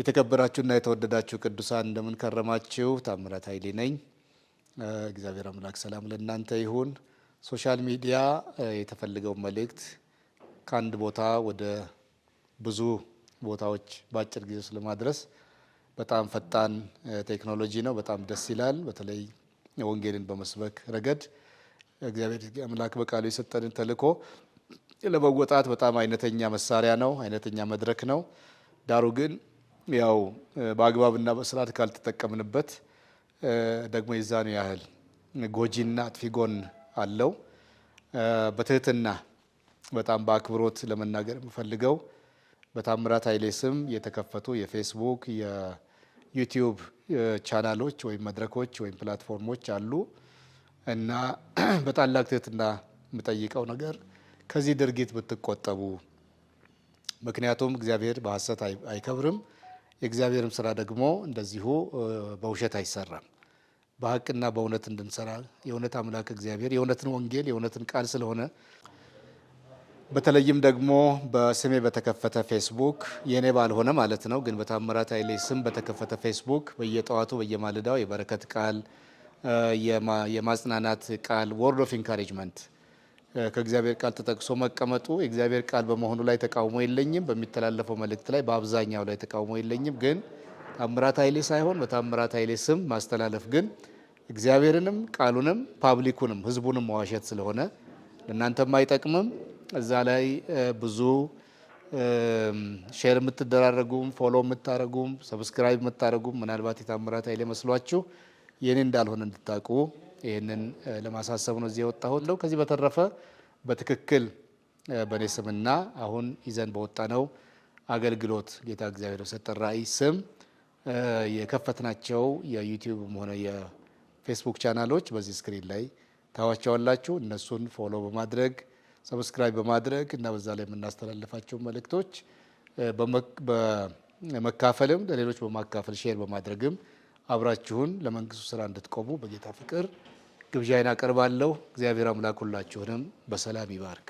የተከበራችሁና የተወደዳችሁ ቅዱሳን እንደምንከረማችሁ ታምራት ኃይሌ ነኝ። እግዚአብሔር አምላክ ሰላም ለእናንተ ይሁን። ሶሻል ሚዲያ የተፈለገው መልእክት ከአንድ ቦታ ወደ ብዙ ቦታዎች በአጭር ጊዜ ውስጥ ለማድረስ በጣም ፈጣን ቴክኖሎጂ ነው። በጣም ደስ ይላል። በተለይ ወንጌልን በመስበክ ረገድ እግዚአብሔር አምላክ በቃሉ የሰጠንን ተልዕኮ ለመወጣት በጣም አይነተኛ መሳሪያ ነው፣ አይነተኛ መድረክ ነው። ዳሩ ግን ያው በአግባብና በስርዓት ካልተጠቀምንበት ደግሞ የዛኑ ያህል ጎጂና አጥፊ ጎን አለው። በትህትና በጣም በአክብሮት ለመናገር የምፈልገው በታምራት ኃይሌ ስም የተከፈቱ የፌስቡክ የዩቲዩብ ቻናሎች ወይም መድረኮች ወይም ፕላትፎርሞች አሉ እና በታላቅ ትህትና የምጠይቀው ነገር ከዚህ ድርጊት ብትቆጠቡ። ምክንያቱም እግዚአብሔር በሐሰት አይከብርም። የእግዚአብሔርም ስራ ደግሞ እንደዚሁ በውሸት አይሰራም። በሀቅና በእውነት እንድንሰራ የእውነት አምላክ እግዚአብሔር የእውነትን ወንጌል የእውነትን ቃል ስለሆነ በተለይም ደግሞ በስሜ በተከፈተ ፌስቡክ የእኔ ባልሆነ ማለት ነው፣ ግን በታምራት ኃይሌ ስም በተከፈተ ፌስቡክ በየጠዋቱ በየማለዳው የበረከት ቃል የማጽናናት ቃል ወርድ ኦፍ ኢንካሬጅመንት ከእግዚአብሔር ቃል ተጠቅሶ መቀመጡ የእግዚአብሔር ቃል በመሆኑ ላይ ተቃውሞ የለኝም። በሚተላለፈው መልእክት ላይ በአብዛኛው ላይ ተቃውሞ የለኝም። ግን ታምራት ኃይሌ ሳይሆን በታምራት ኃይሌ ስም ማስተላለፍ ግን እግዚአብሔርንም ቃሉንም ፓብሊኩንም ህዝቡንም መዋሸት ስለሆነ ለእናንተም አይጠቅምም። እዛ ላይ ብዙ ሼር የምትደራረጉም ፎሎ የምታደረጉም ሰብስክራይብ የምታደረጉም ምናልባት የታምራት ኃይሌ መስሏችሁ የኔ እንዳልሆነ እንድታውቁ ይህንን ለማሳሰብ ነው እዚህ የወጣሁት። ከዚህ በተረፈ በትክክል በእኔ ስምና አሁን ይዘን ነው አገልግሎት ጌታ እግዚአብሔር በሰጠን ራእይ ስም የከፈትናቸው የዩቲዩብም ሆነ የፌስቡክ ቻናሎች በዚህ ስክሪን ላይ ታዋቸዋላችሁ። እነሱን ፎሎ በማድረግ ሰብስክራይብ በማድረግ እና በዛ ላይ የምናስተላልፋቸው መልእክቶች በመካፈልም ለሌሎች በማካፈል ሼር በማድረግም አብራችሁን ለመንግስቱ ስራ እንድትቆሙ በጌታ ፍቅር ግብዣይን አቀርባለሁ። እግዚአብሔር አምላክ ሁላችሁንም በሰላም ይባርክ።